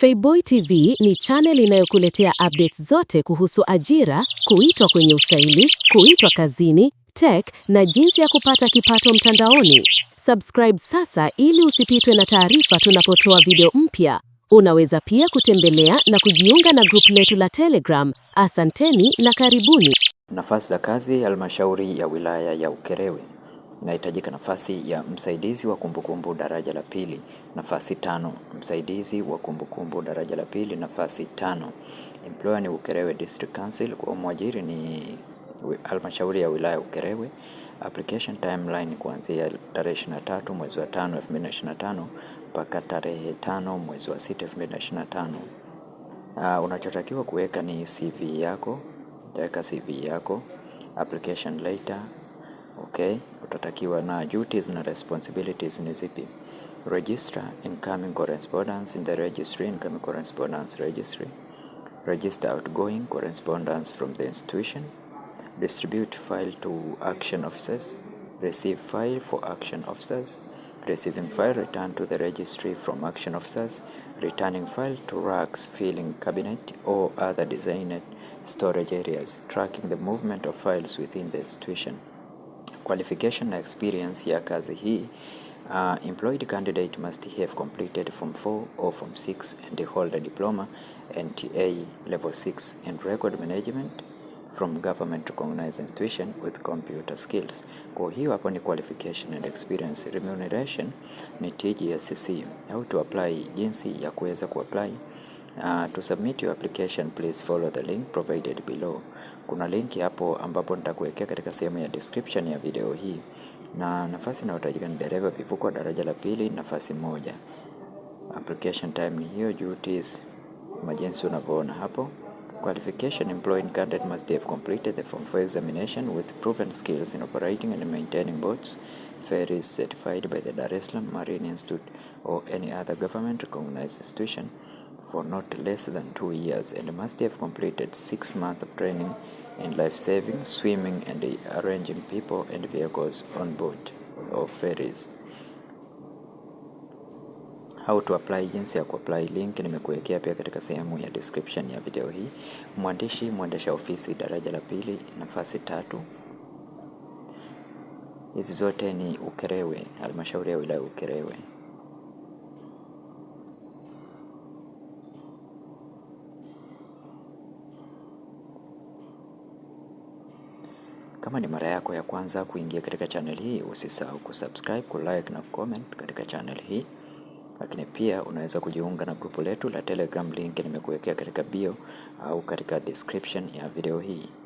Feaboy TV ni channel inayokuletea updates zote kuhusu ajira, kuitwa kwenye usaili, kuitwa kazini, tech na jinsi ya kupata kipato mtandaoni. Subscribe sasa ili usipitwe na taarifa tunapotoa video mpya. Unaweza pia kutembelea na kujiunga na grupu letu la Telegram. Asanteni na karibuni. Nafasi za kazi halmashauri ya wilaya ya Ukerewe inahitajika nafasi ya msaidizi wa kumbukumbu daraja la pili, nafasi tano. Msaidizi wa kumbukumbu daraja la pili, nafasi tano. Employer ni Ukerewe District Council, kwa mwajiri ni halmashauri ya wilaya Ukerewe. Application timeline kuanzia tarehe 23 mwezi wa 5 2025 mpaka tarehe 5 mwezi wa 6 2025. Uh, unachotakiwa kuweka ni CV yako, utaweka CV yako application letter Okay, utatakiwa na duties na responsibilities ni zipi? Register incoming correspondence in the registry, incoming correspondence registry. Register outgoing correspondence from the institution. Distribute file to action officers. Receive file for action officers. Receiving file return to the registry from action officers. Returning file to racks, filling cabinet, or other designated storage areas. Tracking the movement of files within the institution. Qualification na experience ya kazi hii. Uh, employed candidate must have completed form 4 or form 6 and hold a diploma NTA level 6 in record management from government recognized institution with computer skills. Kwa hiyo hapo ni qualification and experience. Remuneration ni TGSC. How to apply, jinsi ya kuweza kuapply. Uh, to submit your application please follow the link provided below. Kuna linki hapo ambapo nitakuwekea katika sehemu ya description ya video hii, na nafasi inayotajika ni dereva vivuko daraja la pili, nafasi moja. Application time ni hiyo, duties kama jinsi unavyoona hapo. Qualification employed candidate must have completed the form 4 examination with proven skills in operating and maintaining boats ferries certified by the Dar es Salaam Marine Institute or any other government recognized institution for not less than two years and must have completed six months of training and life-saving, swimming and arranging people and vehicles on board or ferries. How to apply, jinsi ya kuapply link nimekuwekea pia katika sehemu ya description ya video hii. Mwandishi mwendesha ofisi daraja la pili, nafasi tatu. Hizi zote ni Ukerewe, halmashauri ya wilaya Ukerewe. Kama ni mara yako ya kwanza kuingia katika channel hii, usisahau kusubscribe, kulike na comment katika channel hii. Lakini pia unaweza kujiunga na grupu letu la Telegram, link nimekuwekea katika bio au katika description ya video hii.